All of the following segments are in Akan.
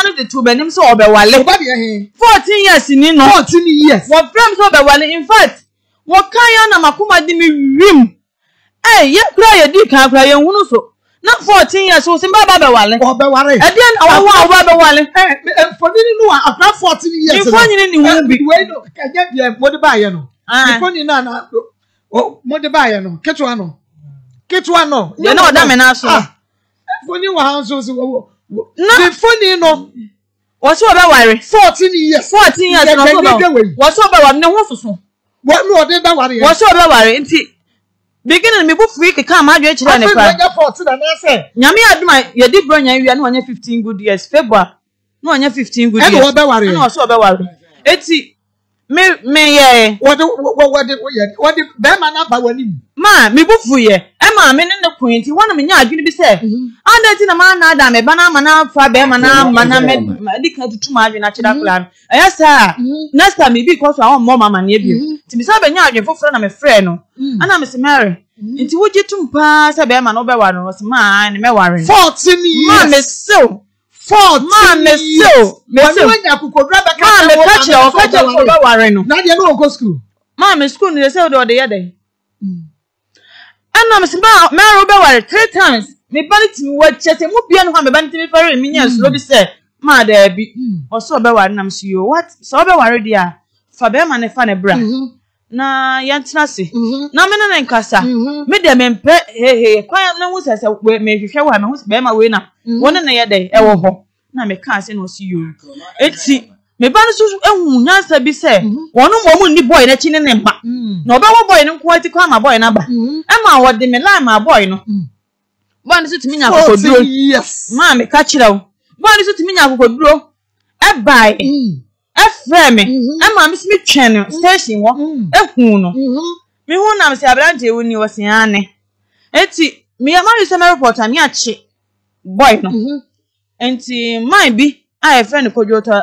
ɔno de tu bɛnim sɛ ɔbɛwale. ɔba deɛ fourteen years ni no. fourteen years. wɔ fɛm sɛ ɔbɛwale in fact wɔka yɛn nam akoma de mi wim ɛ yɛ kura yɛ di kan kura yɛn hunu so na fourteen years o sin baba bɛwale. ɔbɛwale. ɛdeɛ na awo awo bɛwale. ɛ mfoni ninu a akura fourteen years. mfoni ni hu bi. wei no kɛnyɛ deɛ mo de ba yɛ no. mfoni na na mo de ba yɛ no ketewa no ketewa no. yɛn na ɔda mi na so. mfoni wa ha nso so wɔ wɔ na sinfoni no wɔsi ɔbɛ wari. fourteen years fourteen years na ɔsɔ bɛ wɔsi ɔbɛ wari ne ho soso. wɔn ni ɔde bɛ wari yɛ. wɔsi ɔbɛ wari nti beginning mi bufu yi keka ama adwene kyerɛ nipa. afei wɔnyɛ fourteen na n'ɛsɛ. nyame aduma yɛdi bro nya wia ne wɔnyɛ fifteen good years february ne wɔnyɛ fifteen good years. ɛna ɔbɛ wari yɛ ɛna ɔsɔ ɔbɛ mi mi yɛ ye. wɔde yɛ bɛrima wɔ maa mi bu fu yɛ ɛma mi ne ne kun nti wɔn mi nye adwene bi sɛ. de ti mm-hmm. na maa na ada mi ba bɛrima na mɛ dị ɛdi kan tutu maa akyerɛ akora mi ɛyɛ saa next time ibi mɔ ma ne mm-hmm. mm-hmm. eh, ebien ti mi sɛ na mi frɛ no ɛna mm. mi si mary nti wogye tum paa sɛ bɛrima na no ɔsi maa ne years maa mi sew. forty years wɔn wɔn nya kokodura bɛka sɛ wɔn na mɛ fɔ ɔbɛ wɔn ɔbɛ wɔre no nadia no ɔkɔ school. maame school ni ɛsɛ ɔde ɔde yɛ dɛ ɛnna mɛ mɛrin bɛ wɔre three times mɛ ba ne ti mi wɔ kyɛ sɛ mu bia no hɔ mɛ ba ne ti mi fɛrɛ mi nya suro bi sɛ maa dɛɛbi ɔsɛ ɔbɛ wɔre nam si yio what sɛ ɔbɛ wɔre deɛ fa bɛrima ne fa ne bra. Mm-hmm na yɛntena se mm-hmm. na me ne ne nkasa mm-hmm. me dɛ mempɛ hehe kwan ne e ho sɛ sɛ mehwehwɛ wɔ a meho bɛrima wei na wɔne ne yɛ dɛ ɛwɔ hɔ na mekaa sɛ na ɔsi yoo eti meba no so ehu nyansa bi sɛ mm-hmm. wɔn mu ɔmu ni bɔyɛ n'akyi ne ne mba mm. na ɔbɛwɔ bɔyɛ no nko ati kɔ ama bɔyɛ n'aba ɛma e wɔde me line ma bɔyɛ no mm. bɔyɛ no so tumi nya akokoduro maa meka kyerɛw bɔyɛ no so tumi nya akokoduro ɛbaa ɛfrɛ me ɛma me simi twɛn no station hɔ ehun no mi hu nam sɛ aberanteɛ wo ni wɔ si ane eti mi ama mi sɛ mm-hmm. mi report a mi akyi boy no nti man bi a yɛfrɛ no kojú ɔtɔ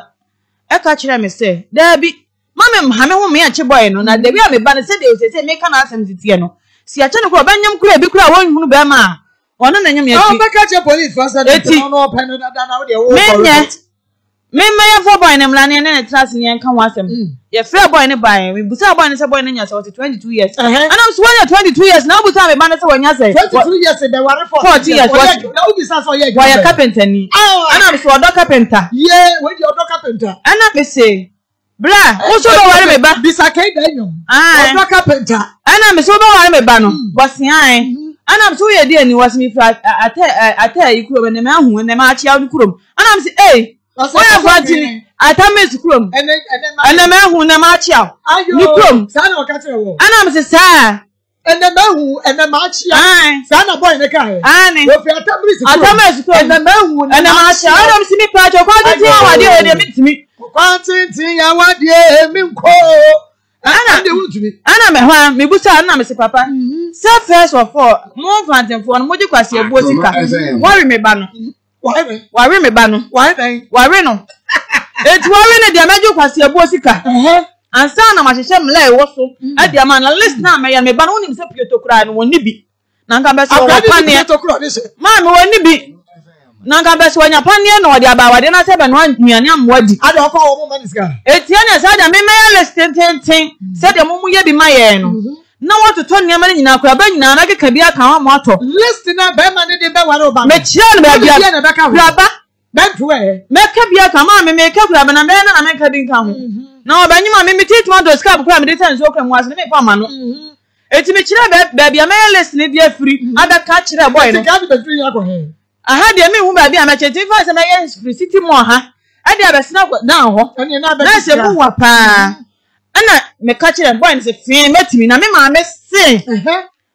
ɛka kyerɛ mi sɛ daabi maame mhame ho mi akyi boy no na daabi a mi ba no sɛ de osese mi ka n'asɛm titiɛ no si akyɛ no kura ɔbɛnyam kura ebi kura a wɔnhunu bɛrima a ɔno na nyam yɛ ti eti menyɛ mmemmeyɛ fo bɔn ne mmara ne ne ne tena ase ne yɛn ka ho asɛm yɛfrɛ bɔn ne ban We busa boy ne sɛ boy ne nya sɛ ɔte twenty two years anam so wɔnya twenty two years na wobusa mi ba ne sɛ wɔnya sɛ twenty two years bɛ wɔre forty years wɔyɛ kapentani anam so ɔdɔ kapenta yee wɔyɛ ɔdɔ kapenta ɛna mese bra woso bɛ wɔre me ba bisake danyom ɔdɔ kapenta ɛna mese wo bɛ wɔre mi ba no wɔsian anam so yɛ di ani wɔsi mi fira atɛ atɛ yi kurom ɛnɛmɛ ahu ɛnɛmɛ akyia kurom anam si ee wọ́n ẹ̀fọ́ ti ni àtàmẹ́sì kúrò mu ẹ̀nẹ̀mẹ̀ ẹ̀hún ẹ̀nẹ̀ máa kí àwọ̀ ní kúrò mu sáà náà ọ̀ka kyerẹ wọ̀ ẹ̀nà mi sè sáà. ẹ̀nẹ̀mẹ̀ ẹ̀hún ẹ̀nẹ̀ máa kí àwọ̀ sáà náà bọ́ọ̀ yẹn ní káyọ̀ ẹ̀ni òfin àtàmẹ́sì kúrò mu àtàmẹ́sì kúrò mu ẹ̀nẹ̀mẹ̀ ẹ̀hún ẹ̀nẹ̀ máa kí àwọ̀ ẹ̀nà mi sì mi pàtó kọ́ ti tiẹ̀ wà dé òde mi tì mí. kọ́ ti tiẹ̀ wà dé mi nkó. ana mɛ hɔ a mebusa ana mɛ se papa sɛ first of all mo mfantemfoɔ no mogye kwasi abuo sika wɔre me ba no wàrí mm-hmm. mi ba no wàrí no ètò wàrí ni deɛ mɛgye kwasi ebuo sika ansa na ma hyehyɛ mla ɛwɔ so ɛdi ama na list na mɛyɛ mi ba no wɔnim sɛ pieto kura no wɔn ni bi na nka bɛ sɛ wɔn paneɛ maami wɔn ni bi na nka bɛ sɛ wɔn nya paneɛ na wɔde aba awadeɛ na sɛ bɛn no nnuane amoa di. adi ɔkọ wɔn mu mɛ nisika. etia na sɛ adi a mi mɛyɛ list tententen sɛ deɛ mo mu yɛ bi ma yɛn na wɔtotɔ nneɛma no nyinaa kora bɛɛ nyinaa nakeka bi aka ho ama atɔ. list na bɛrima ne de bɛware ɔba no. mekyia no baabi a kuraba. bɛntu ɛ. mɛka bi aka maa mi mɛka kuraba na bɛyɛ na na mɛka bi nka ho. na ɔbɛnyim a mimi tii tomato scarf kora mede tɛn nsuo kora mu ase ne mi fa ma no. eti mekyerɛ baabi a mɛyɛ list ne bi afiri abɛka kyerɛ bɔyɛ no. ɛti kaa ni bɛ aha deɛ mi hu baabi a mɛkyɛ ti fa sɛ mɛyɛ firi siti mu ɔha ɛde abɛsena na ɛsɛ mu wa ɛna meka kyerɛ boy no sɛ fii mɛtumi na me maame se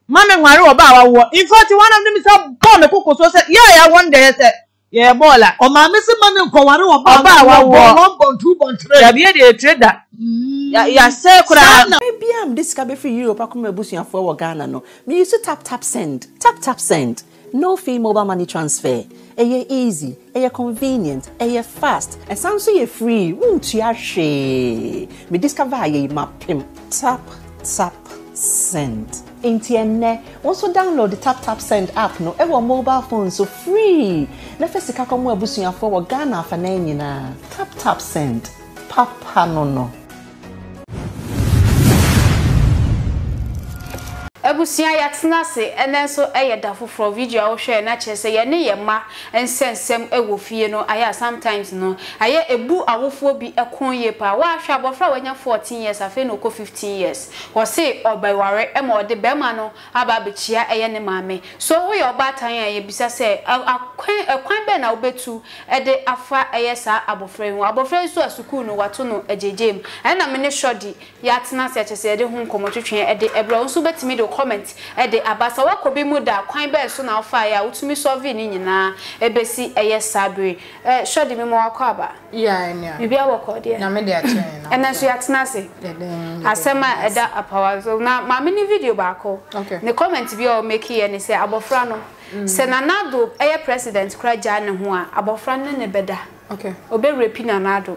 maame nware wɔ ba a in fact one of them is sɛ bɔɔl me koko so sɛ yeah yɛ wɔn deɛ sɛ yɛ bɔɔl a. ɔmaame sɛ ma ne nkɔware wɔ ba a wawɔ one bɔn two bɔn three. yabi yɛ de etire mm. da. yasɛ koraa. saa free a mede sika bɛfiri europe akɔmɔ ebusuafoɔ e, wɔ ghana no me use tap tap send tap tap send no fee mobile money transfer ɛyɛ easy ɛyɛ convenient ɛyɛ fast ɛsan so yɛ free wontua hwee me discover a yɛyi ma pem tap tap send nti ɛnɛ wɔn nso download tap tap send app no ɛwɔ mobile phone so free na fɛ sika kɔn mu abusuafoɔ wɔ ghana afanan nyinaa tap tap send papa no no. abusua yatena se enenso nso ɛyɛ da foforɔ video a wohwɛ na kyerɛ sɛ yɛne yɛ ma nsɛnsɛm ɛwɔ fie no ayɛ sometimes no aya ebu awofoɔ bi ɛko yie paa waahwɛ abɔfra a wanya 14 years afei na ɔkɔ 15 years wɔse ɔbɛware ɛma ɔde bɛrima no aba abɛkyia ɛyɛ ne maame so woyɛ ɔbaatan a yɛbisa sɛ akwan ɛkwan bɛn na wobɛtu ɛde afa ɛyɛ sa abofra yi ho abɔfra yi no wato no agyegyem ɛna me ne sɔde yɛatena se akyɛ sɛ yɛde ho nkɔmmɔtwetwe ɛde ɛbrɛ wo nso bɛtumi de comment ɛde eh, aba sɛ wakɔ bi mu da kwan bɛɛ so na wofa yɛ a wotumi sɔve ne nyinaa ɛbɛsi ɛyɛ saa bere hwɛ de eh, me ma wakɔ aba Bi Na biribi awɔkɔ deɛ ɛnɛ ya tena ase asɛm a ɛda eh, apawa so na maame ne video baako ne comment bi a ɔmɛki yɛ ne sɛ abɔfra no mm. sɛ nanado ɛyɛ president kora gyaa ne ho a abɔfra no ne bɛda obɛwerɛ pi nanado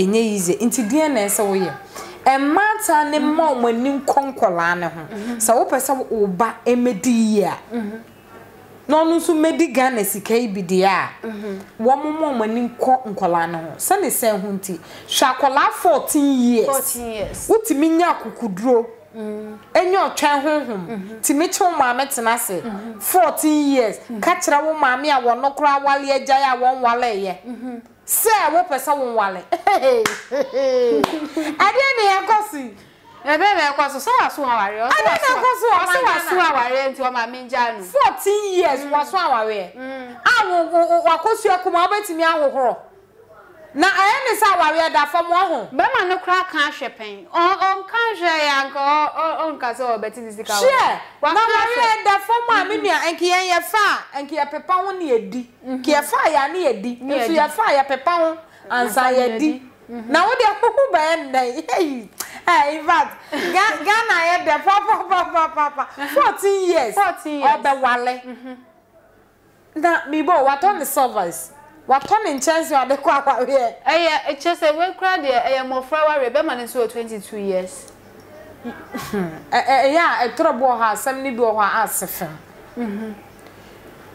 ɛnyɛ easy nti deɛ na ɛsɛ mma mmaata ne mma wɔn anim kɔ ne ho sɛ wopɛ sɛ yie a na ɔno nso mɛdi ghana sika yi bi deɛ a wɔn mu wɔn anim kɔ nkɔlaa ne ho sɛne sɛn ho nti hwɛ akɔlaa fourteen years wotumi nye akokuduro ɛnyɛ ɔtwɛn honhom kye maame tena years maame a wɔn no a wɔn wale sɛ wopɛ sɛ wo nwale ɛdeɛ ne yɛkɔ so ɛbɛ na ekosi so sɛ waso awareɛ ɔsɛ na ɛkɔ so ɔsɛ waso awareɛ years ɔma me ngya no fourteen years waso awareɛ a wakɔsua na ɛyɛ ne sɛ awareɛ da fam wɔ ho bɛma no kora ka ahwɛ pɛn ɔnka hwɛ yɛ anka ɔnka sɛ ɔbɛte ne sika hwɛ na awareɛ da fam a mhm. me nua ɛnke ya fa a ɛnke yɛpepa ho ne yɛdi mhm. nke ya a ya ne yɛdi nso yɛfa ya yɛpepa ho ansa yɛdi mhm. na wode hoho bɛyɛ nnɛ yɛyi in fact ghana yɛ dɛ years na mebɔ watɔ ne service watɔ ne nkyɛnse ade kɔ akwareɛ ɛyɛ ɛkyɛ sɛ wekura deɛ ɛyɛ mmɔfra wareɛ bɛma ne nso wɔ twenty two years ɛyɛ a ɛtɔrɔ bi wɔ hɔ asɛm ne bi a ase fɛm mhm.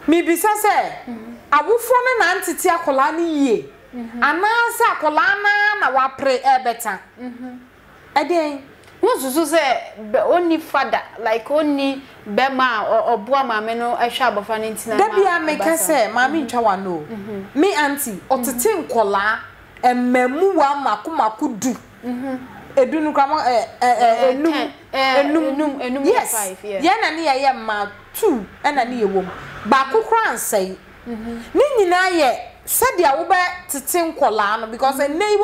mibisa sɛ mhm. awofoɔ ne nan tete akwaraa ne yie mhm. anaasɛ akwaraa naa na wapere ɛɛbɛta wosusu sɛ onni fada like onni bɛma a ɔboa maame no ɛhwɛ abɔfra no ntina da bia meka sɛ maame mhm. ntwa wa no mhm. me anti ɔtete mhm. nkɔlaa mmamuwa makomako du edu no kama enum enum enum yes yɛ na ne yɛyɛ mmaa two ɛna ne yɛ wɔ mu baako koraa nsɛe ne nyinaa yɛ sɛdeɛ wobɛ tete nkola no because mm-hmm. ɛnɛ yi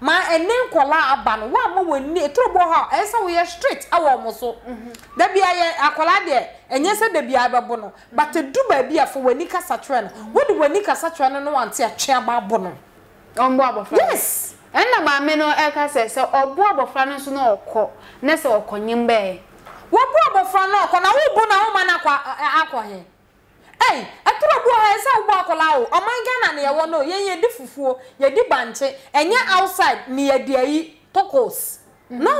ma ɛnɛ nkola aba no wa ama wɔn ha e bɔ hɔ straight ɛwɔ wɔn so mm-hmm. dabi ayɛ akɔlaa deɛ ɛnyɛ sɛ dabi no but du baabi a fo kasa kyerɛ no mm-hmm. wɔde kasa kyerɛ no no a atwe aba no. yes. no no na no na na ma Hey, atụrụ bụ ha ese ụgbọ akwụla ahụ ọman Ghana na yawo no yɛn fufuo yɛdi bankye ɛnyɛ outside na yɛdi ayi tokos mhm. no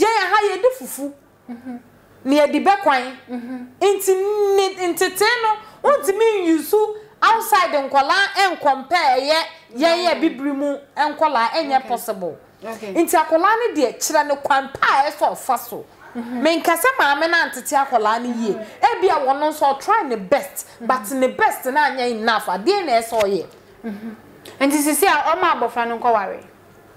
yɛn ha yɛdi fufu mhm. na yɛdi bɛkwan mhm. nti ne ntete no ntumi nyusu outside nkɔlaa nkɔmpɛɛ yɛ yɛn yɛ bibiri mu ɛnyɛ possible nti no deɛ kyerɛ no kwan pa a ɛsɛ ɔfa Mm-hmm. menkasa maame na ntete akwala no yie mm-hmm. ebia wɔno so ɔtry ne best mm-hmm. but ne best na anyɛ enough adeɛ na ɛsɛ ɔyɛ nti sisi a ɔma abɔfra no nkɔware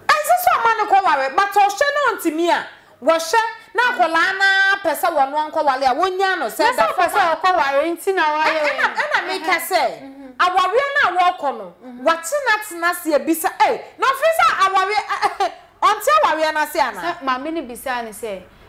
ɛnsi so ɔma no kɔware but ɔhyɛ no ntumi a wɔhyɛ na akwala na pɛ sɛ wɔno a wɔnya no sɛ da fa sɛ ɔkɔware nti na wayɛ ɛna ɛna meka sɛ awareɛ na wɔkɔ no wɔtenatena se ebisa ɛ na ɔfiri sɛ awareɛ ɔnte awareɛ no ase ana maame ni bisaa ne sɛ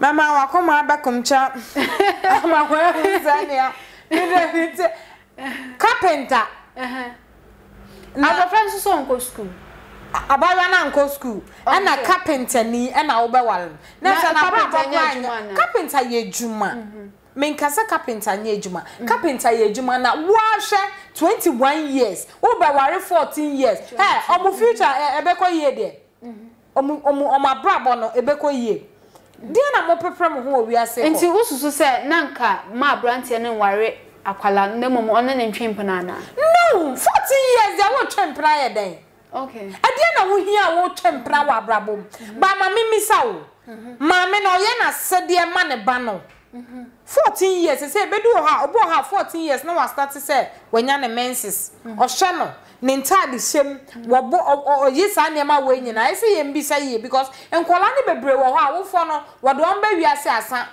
mama wakoma abakumcha amakwara mzania ndebite carpenter abɔfra nso so nkɔ school abaayewa na nkɔ school ɛna carpenter ni ɛna wobɛware no na sɛ papa abɔfra carpenter yɛ adwuma menkasa carpenter nyɛ adwuma carpenter yɛ adwuma na mhm. mhm. woahwɛ 21 years wobɛware 14 years ɛ ɔmo future ɛbɛkɔ yie deɛ ɔmo no ebeko deɛ na mopɛpɛ mo ho wɔ wiase hɔ nti wosusu sɛ na nka ma aberanteɛ no nware akwala na mmom ɔne ne ntwe na na. no 14 years deɛ wotwe mpena ya dɛn okay ɛdeɛ na wohia a wotwe mpena wɔ abrabɔ mu mhm. ba maame misa wo mhm. maame na ɔyɛ n'asɛdeɛ ma ne ba no mhm. fourteen years sɛ ebedu wɔ du a ɔbɔ wɔ hɔ fourteen years na wasate sɛ wanya ne menses ɔhwɛ no ne ntaade hyɛm wɔbɔ ɔyi saa na wɔ nyinaa ɛsɛ yɛn because nkɔla ne bebree wɔ hɔ a wofoɔ no wɔde asa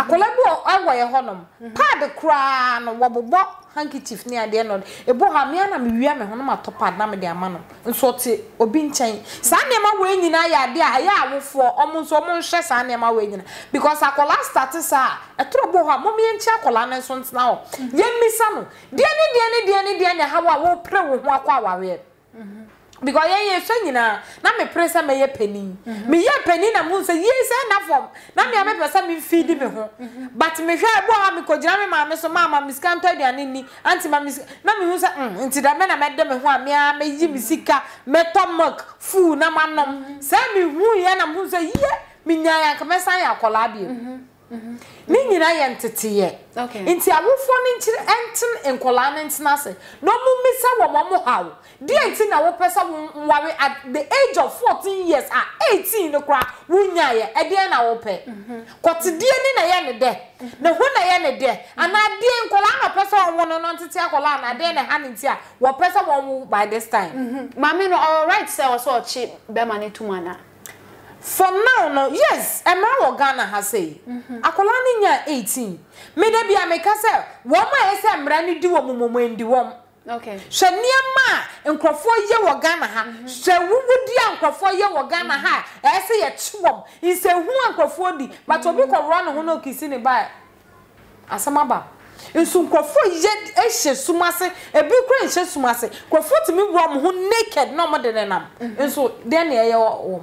akwadaa bi ɛwɔ yɛ m pad koraa no wɔbobɔ handkerchief ne adeɛ nọ ebo ha mmea na mewia me ho na atọ pad na mede ama no nso ɔte obi nkyɛn saa nneɛma wei nyina yɛ adị a ɛyɛ awofoɔ ɔmo nso ɔmo nhwɛ saa nneɛma wei nyina because akwadaa start saa ɛtoro bụ hɔ a mɔmmea nkyɛn akwadaa no nso ntena hɔ mm-hmm. yɛn mmisa no deɛ ne deɛ ne deɛ ne deɛ ne ha wɔ a wɔpere hụ ho akɔ awareɛ. Mm-hmm. because yɛn yɛ fɛ nyinaa na mi pere sɛ mi yɛ panyin mi mhm. yɛ panyin na mu sɛ yie na form, now me amepɛ mhm. sɛ mi fi di mi ho mhm. but me share ɛbɔ ha mi kɔ gyina mi maame so maama mi sika ntɔ aduane ni auntie ma mi sika na mi hu sɛ mm nti dame na me de mi ho a mi a mɛ yi mi sika mɛ tɔ milk na ma say me mi hu na mu sɛ yie mi nya yɛ nka ya kolabi. ne mm-hmm. nyina yɛ nteteyɛ nti awofoɔ no nkyerɛ ɛnten nkɔlaa no ntena ase na ɔmo mmisa wɔ mo ɔmo haw deɛ nti na wopɛ sɛ nware at the age of fourteen years a eighteen no koraa wonyaeɛ ɛdeɛ na wopɛ mm-hmm. kɔtedeɛ ni na yɛ ne dɛ mm-hmm. na ho na yɛ ne dɛ anaa nkɔlaa na ɔpɛ sɛ ɔwo no no ntete akɔlaa na deɛ na ha ne nti a wɔpɛ sɛ wɔn by this time. maame no ɔwɔ right sɛ ɔsɛ ɔkye bɛrima ne tum anaa. from now no yes ɛmɛ wɔ ghana ha sɛ akwadaa no nya eighteen mmeda bi a meka sɛ wɔn a yɛsɛ mmera no di wɔn mmomu ndi wɔn hwɛ nneɛma a nkurɔfoɔ yɛ wɔ ghana ha hwɛ wuwudi a nkurɔfoɔ yɛ wɔ ghana ha a ɛsɛ yɛkye wɔn nsɛnhu a nkurɔfoɔ di but obi kɔrɔ ne ho na okisi ne ba asɛm aba nso nkurɔfoɔ yɛ ɛhyɛ sum ase ebi kura nhyɛ sum ase nkurɔfoɔ tumi wura wɔn ho naked na wɔn de nenam mhm. nso deɛ na ɛyɛ wɔn.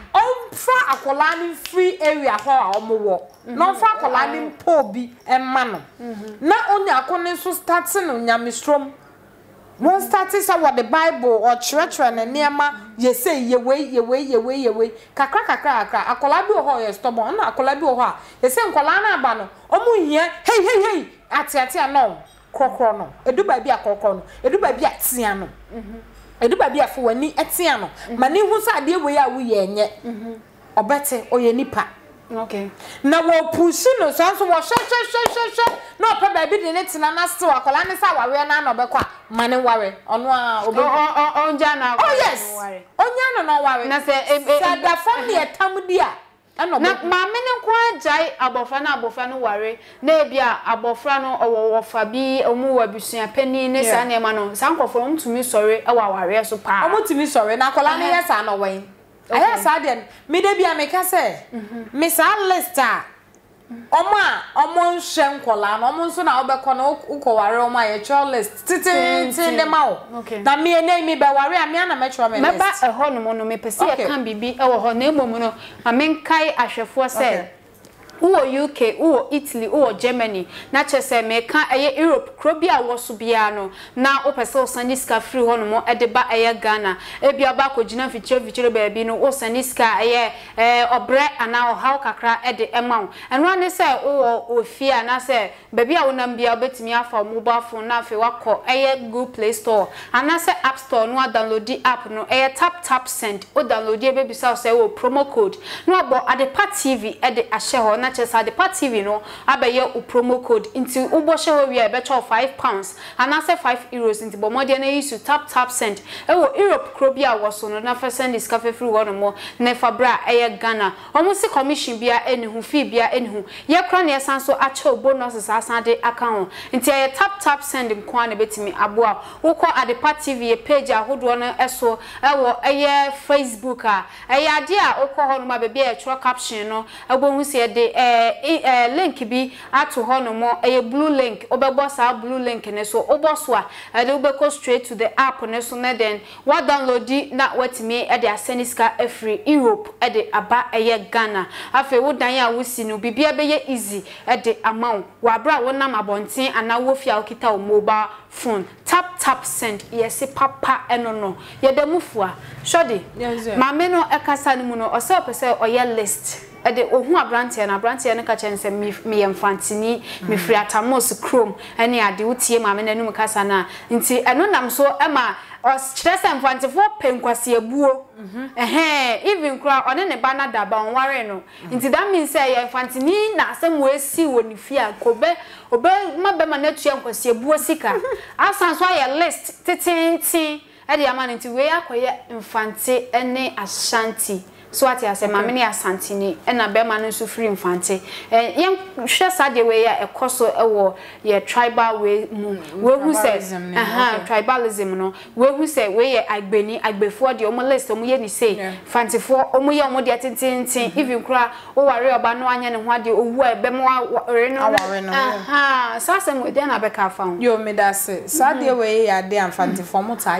ɔmfa akwadaa no free area hɔ a ɔmowɔ na ɔmfa akwadaa no mpo bi ɛma no na onyaako no nso start no nyamestrom wɔn start sɛ wɔde bible ɔkyerɛkyerɛ ne nneɛma yɛsɛ yɛwei yɛwei yɛwei yɛwei kakra kakra kakra akwadaa bi wɔ hɔ ɔyɛ stubborn na akwadaa bi wɔ hɔ a yɛsɛ nkwadaa no aba no ɔmo hia hey hey hei ateatea no korɔkorɔ no edu baabi a korɔkorɔ no edu baabi a tea no. Mm ɛdu baabi a fo w'ani ɛtea no mhm. ma ne ho sɛ adeɛ wei a woyɛ ɛnyɛ mhm. ɔbɛte ɔyɛ nipa na wɔpusu no saa nso wɔhwɛhwɛhwɛhwɛ na ɔpɛ baabi de ne tena na sew akɔla ne sɛ awareɛ no ana ɔbɛkɔ a ma ne ware ɔno a ɔbɛgya no oh, yes ɔnya no na ɔware na sɛ sɛ adafam deɛ tam di a na maame ne nko agyae abɔfra no abɔfra no ware na ebi a abɔfra no ɔwɔ wɔfa bi ɔmu wɔ abusua panin ne saa nneɛma no saa nkɔfoɔ ɔmu tumi sɔre ɛwɔ awareɛ so paa ɔmu tumi sɔre na akɔla ne yɛ saa na ɔwɔ yi ɛyɛ saa deɛ no mi de bi a mi ka sɛ mi mhm. saa list a. ọmụ a ọmụ nhwe nkwọla na ọmụ nso na ọbẹkọ na ụkọwara ọmụ a yɛtwerɛ list titi ti ndị ma ọ na mmea na emi bɛware a mmea na mɛtwerɛ mɛ list. mɛba ɛhɔ nom no mepɛ sɛ yɛka biribi ɛwɔ na emom no ma menkae ahwɛfoɔ sɛ. wo UK wo Italy wo Germany na kyerɛ sɛ meka ɛyɛ Europe a na wopɛ sɛ wosane sika firi hɔ nom ɛde ba ɛyɛ Ghana ebi aba akɔgyina mfikyerɛmfikyerɛ baabi no wosane sika ɛyɛ ɛɛ ɔbrɛ anaa kakra ɛde mobile phone na afei Google Play Store App Store a app no tap tap send download promo code na wabɔ adepa TV ɛde ahyɛ na na kyɛ party, adepa tv no abɛyɛ wo promo code Into wobɔhyɛ hɔ wie a ɛbɛkyɛ wo 5 pounds anaasɛ 5 euros Into nti bɔmmɔdeɛ no yi so tap tap send ɛwɔ europe kuro bi a wɔ so na fa send sika cafe free one more. ɛfa berɛ a ɛyɛ ghana ɔmo se commission bia ɛne ho fee bia ɛne ho yɛkora ne yɛsan so akyɛ wo bonuses asan a aka account. Into ɛyɛ tap tap send nko a na ɛbɛtumi aboa wokɔ adepa tv yɛ page ahodoɔ no ɛso ɛwɔ ɛyɛ facebook a ah. ɛyɛ adeɛ a wokɔ hɔ nom a baabi a yɛtwerɛ caption no ɛbɛhu sɛ yɛde Eh, eh, link bi ato hɔnom ɛyɛ blue link wobɛbɔ saa blue link ne so wobɔ so a ɛde go straight to the app ne so ne then download di na watumi ɛde asɛne sika afiri europe ɛde aba ɛyɛ ghana afei wo dan a wosi no biribia izi easy ɛde ama wo wabra a wonam abɔnten anaa wofi a wokita wo mobile phone tap tap send yɛse papa ɛno no yɛda mu fua maame no ɛkasa no mu no ɔsɛ ɔpɛ sɛ ɔyɛ list ɛde ohun aberanteɛ na aberanteɛ no ka kyɛn sɛ meyɛ mfantini mefiri atamos krom ɛne ade wotie maame n'anim kasa no a nti ɛno nam so ma ɔkyerɛ sɛ mfantefoɔ pɛ nkwaseabuo mhm. ɛhɛn even kora ɔne ne ba no daba ɔnware no mhm. nti that means sɛ yɛ mfantini na asɛm wɔasi wɔ ne fie a kɔbɛ ɔbɛ ma bɛma no atua nkwaseabuo sika mhm. asan so ayɛ list tetenten ɛde ama no nti wei akɔyɛ mfante ne ashanti so ati ase mame ne asantini na bema no so free eh ye hwe sade we ya ekoso ewo ye tribal mu we hu se aha tribalism no we hu se we ye agbeni agbefo de omo list omo ye ni se fantefo omo ye omo de tintintin mm-hmm. even kra o ware oba anya ne ho ebe mo ọrịa no aha sase mo de na be ka fa yo me da se sade we ya de mo ta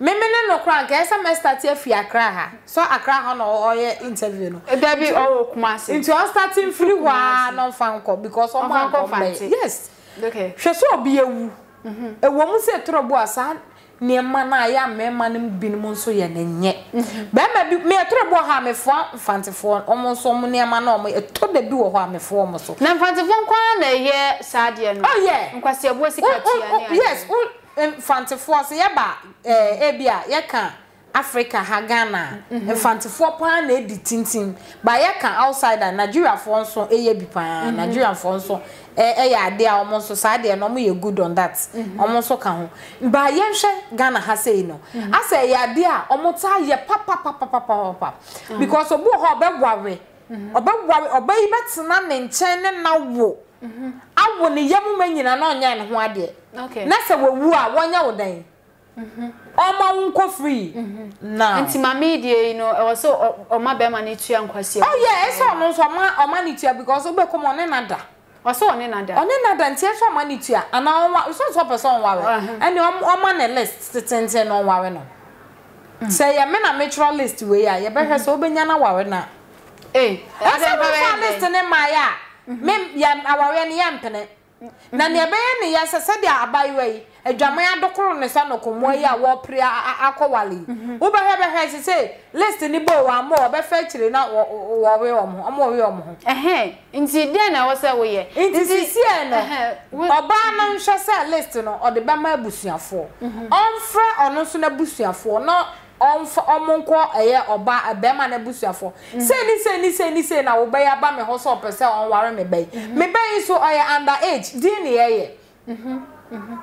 Meme ne no kra ga semester ti afi Accra ha. So Accra ha no oye interview no. E da bi o Kumasi. Into all starting free wa no fanko because o man ko Yes. Okay. Hwe so obi ewu. Mhm. Ewo mu se trobo asa nneɛma no a yɛ a mmarima no binom nso yɛ ne nyɛ mhm. bɛrima bi meɛtoro bɔ hɔ a mefoa mfantefoɔ ɔmo nso ɔmo nneɛma no e ɔmo ɛtɔ da bi wɔ hɔ a ɔmo so na mfantefoɔ nkoa na ɛyɛ saa deɛ no ɔyɛ oh, nkwasiaboa sika tua yes mfantefoɔ so yɛba ɛɛ eh, ebi a yɛka africa ha ghana mhm. mfantefoɔ paa na edi tintim ba yɛka outside a nigeriafoɔ nso ɛyɛ bi paa mhm. nigeriafoɔ nso eh, ɛyɛ adeɛ a wɔn nso saa adeɛ na wɔn yɛ good on that wɔn mhm. nso ka ho ba yɛnhwɛ ghana ha sei no asɛ ɛyɛ adeɛ a wɔn ta yɛ papapapapapa ah. because obi wɔ hɔ ɔbɛware ɔbɛware ɔbɛyi bɛtena ne nkyɛn ne n'awo awo ne yam ma nyina na ɔnyɛ ne ho adeɛ. na sɛ a wɔnyɛ wo dan ɔma mm-hmm. nkɔ free mm-hmm. na nti maame die yi no ɛwɔ sɛ ɔma bɛrima no tua nkwasi oh yeah ɛsɛ ɔno nso ɔma ɔma ne tua because nada nada nada nti tua uh-huh. list na no mm. ya me na list mm-hmm. na na ee eh, list ne me ya ya mpene na ne bɛyɛ ne yɛ sɛ sɛdeɛ abayewa yi adwaman adokoro ne sa no kɔmmɔ mhm. yi a wɔpere akɔwale wobɛhwɛ bɛhwɛ sɛ sɛ list ne bɔ wɔ ama wɔbɛfa akyire na wɔwe wɔ ho ɔma wɔwe wɔ ho ɛhɛn nti dɛn na ɛwɔ sɛ woyɛ nti sisiɛ no ɔbaa no nhwɛ sɛ list no ɔde bɛma abusuafoɔ mhm. ɔmfrɛ ɔno nso n'abusuafoɔ na ọmfọ ọmụnkwọ ẹyẹ ọba ẹbẹẹma na ebusuafọ mm. sẹni sẹni sẹni sẹni na ọba ya ba mi hɔ sọ pẹsẹ ọnware mi bẹyì mm-hmm. mi bẹyì so ɔyɛ under age di ni ɛyɛ mm-hmm. Mm-hmm.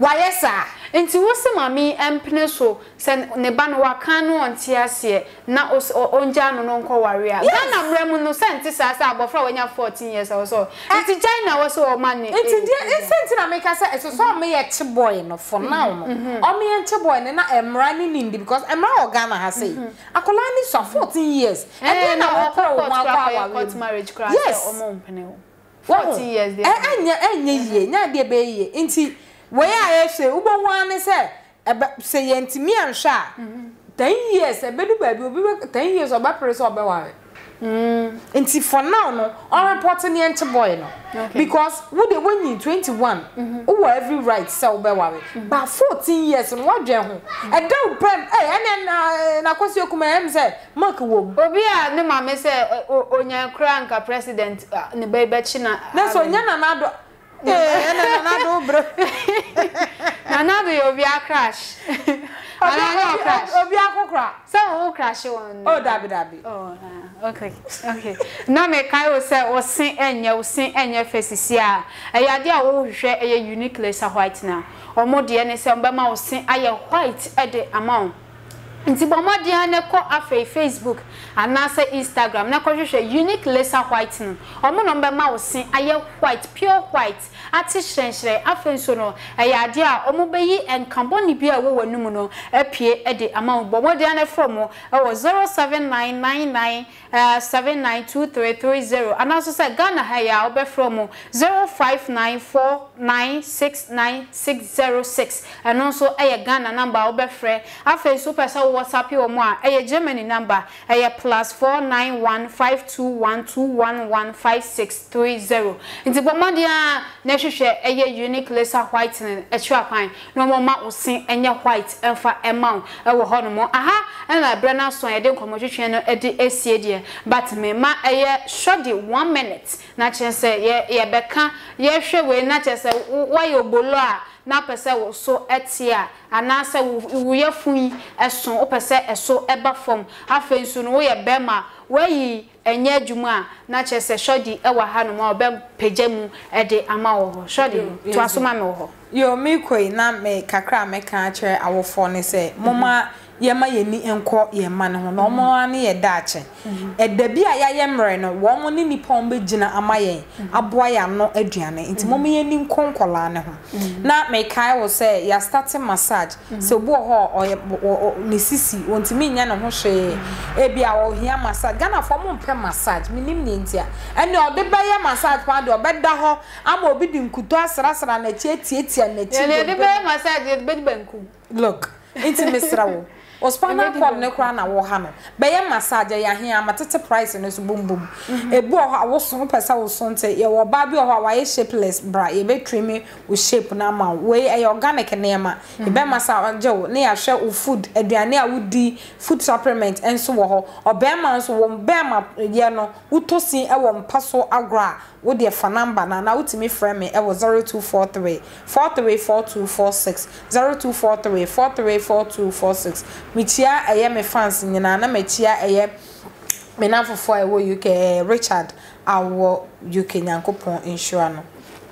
wayɛ saa. nti wosi maame mpene so sɛ ne ba no waka no ɔnte aseɛ na ɔngya no no nkɔ a ghana mmerɛ mu no sɛ saa sɛ abɔfra wanya 14 years ɔ sɔ eh! nti gyan na wɔ sɛ ɔma ne nti deɛ ɛsɛ nti na meka sɛ ɛsɛ sɛ ɔmeyɛ kye bɔe no for mm-hmm, now no mm-hmm. ɔmeyɛ nkye bɔe na mmara ne nindi because mmara wɔ ghana ha sɛ mm-hmm. akɔlaa ne sua 14 years eh, ɛdeɛ na wɔkɔrɔ wɔ mu akɔ yes eh, ɛnyɛ ɛnyɛ yie nyɛ adeɛ nti wei a yɛhwɛ wobɛhu ne sɛ sɛ yɛntumi 10 a ten years ɛbɛdu baabi obi bɛ ten years ɔbɛpere sɛ ɔbɛware mm. nti for now no ɔrepɔte ne ɛnkyɛ boy no because wo de wɔnyi twenty one mm-hmm. wowɔ every right sɛ wobɛware mm-hmm. ba fourteen years no wɔdwɛn ho mm-hmm. ɛda wo pɛm ɛyɛ ɛnɛ na n'akɔsi okuma ɛm sɛ mark wɔ mu. obi a ne maame sɛ onyankura nka president ne bɛyɛ bɛkyi na. ne so ee na na ubro na na be obia crash ana no crash obia kokra se wo crash won oh dabi dabi oh okay okay na me kai wo se enye wo sen enye fesisi a eyade a wo hwehwe eye unique laser white na omo de ne se mbe ma aye white e de amount nti bomo de ne ko afei facebook anaasɛ instagram na kɔhwehwɛ unique laser whitening ɔmo na ɔmbɛma wo se ayɛ white pure white ate hyerɛnhyerɛn afei nso no ɛyɛ adeɛ a ɔmo bɛyi nkambɔne bi a ɛwɔ w'anom no apue de ama wo bɔ mmɔden ano frɛ mo ɛwɔ 07999 792330 anaso sɛ ghana ha yɛ a wobɛfrɛ mo 0594969606 And also ɛyɛ ghana number a wobɛfrɛ afei nso pɛ sɛ wo whatsapp wɔ mo a ɛyɛ germany number ɛyɛ plus four nine one five two one two one one five six three zero nti bɔmmɔden a na ɛhwehwɛ ɛyɛ unique laser whitening ɛkyerɛ akwan na wɔn ma sing. Any white ɛnfa ɛma wo ɛwɔ more. aha ɛna abirɛ n'aso a yɛde nkɔmɔ twitwi no ɛde esie deɛ but me mɛma ɛyɛ short one minute na kyerɛ Yeah. yɛ yɛbɛka yɛhwɛ wei na kyerɛ sɛ Why you a. na pese wo so etie a anase wo ye fun eso wo pese eso eba fom afen so no wo ye bema weyi enye adwuma na kyese shodi ewa ha no ma obem pejam e de ama wo ho shodi to asoma me wo yo mi koi na me kakra me kan akyere awofo ne se moma mm -hmm. yɛma yɛni nkɔ yɛn ma no ho na ɔmo mhm. ano yɛ daakye mhm. ɛda bi a yɛayɛ mmerɛ no wɔn ne nipa wɔn bɛgyina ama yɛn mhm. aboa yɛn ano aduane nti mo yɛn ni nkɔ nkɔlaa ne ho na mɛkae wɔ sɛ yɛastate massage sɛ obi wɔ hɔ ɔyɛ ɔ ne sisi wɔntumi nya ne ho hwee ebi a ɔhia massage Ghana ghanafoɔ mo mpɛ massage mi nim ne ntia ɛnna ɔde bɛyɛ massage paa de da hɔ ama obi de nkutu asrasra n'akyi etiatia n'akyi. yɛn de bɛyɛ massage yɛn de bɛ di banku. look nti mesra wo. o spinal cord ne kura na wo ha no be ye massage ya he ama tete price no so bum bum ebu o ha wo so pesa wo so nte ye wo ba bi o ha wa ye shapeless bra ye be trim wo shape na ma we ye organic ne ma e be massage wo ne ya hwe wo food aduane a wo di food supplement enso wo ho o be ma nso wo be ma ye no wo tosin e wo mpa so agra wo de fa number na na wotimi frɛ me e wo 0243 434246 0243 434246 mekyia ɛyɛ me fans nyinaa na mekyia ɛyɛ me nan fofoɔ a ɛwɔ uk ɛɛ richard a wɔ uk nyankopɔn nhyira no.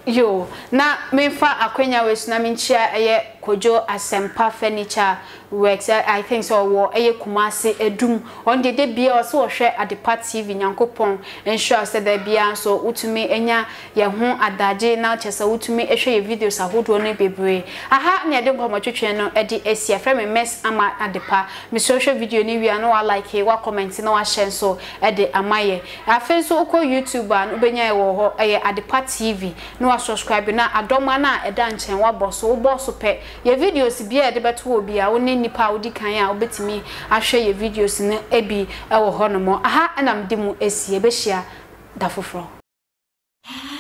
yoo na memfa akwanya wɔ esu na menkyia ɛyɛ kojo asempa furniture works i think so wo eye kumase edum on de de bia so wo hwe adepa tv nyankopon ensure se da bia so utumi enya ye ho adaje na chese utumi ehwe ye videos ahodo no bebre aha na de nkoma twetwe no e de esi afre me mess ama adepa me so video ni wi ano wa like wa comment na wa share so e de amaye afen so ukọ youtuber, an ubenya ye wo ho eye adepa tv na wa subscribe na adoma na e da nchen wa boss wo boss pe yɛ videos bi a yɛde bɛto wɔ bi a wo ne nipa a wodi kan a wobɛtumi ahwɛ yɛ videos no bi wɔ hɔnom aha ɛnam de mu asi yɛbɛhyia da foforɔ ah.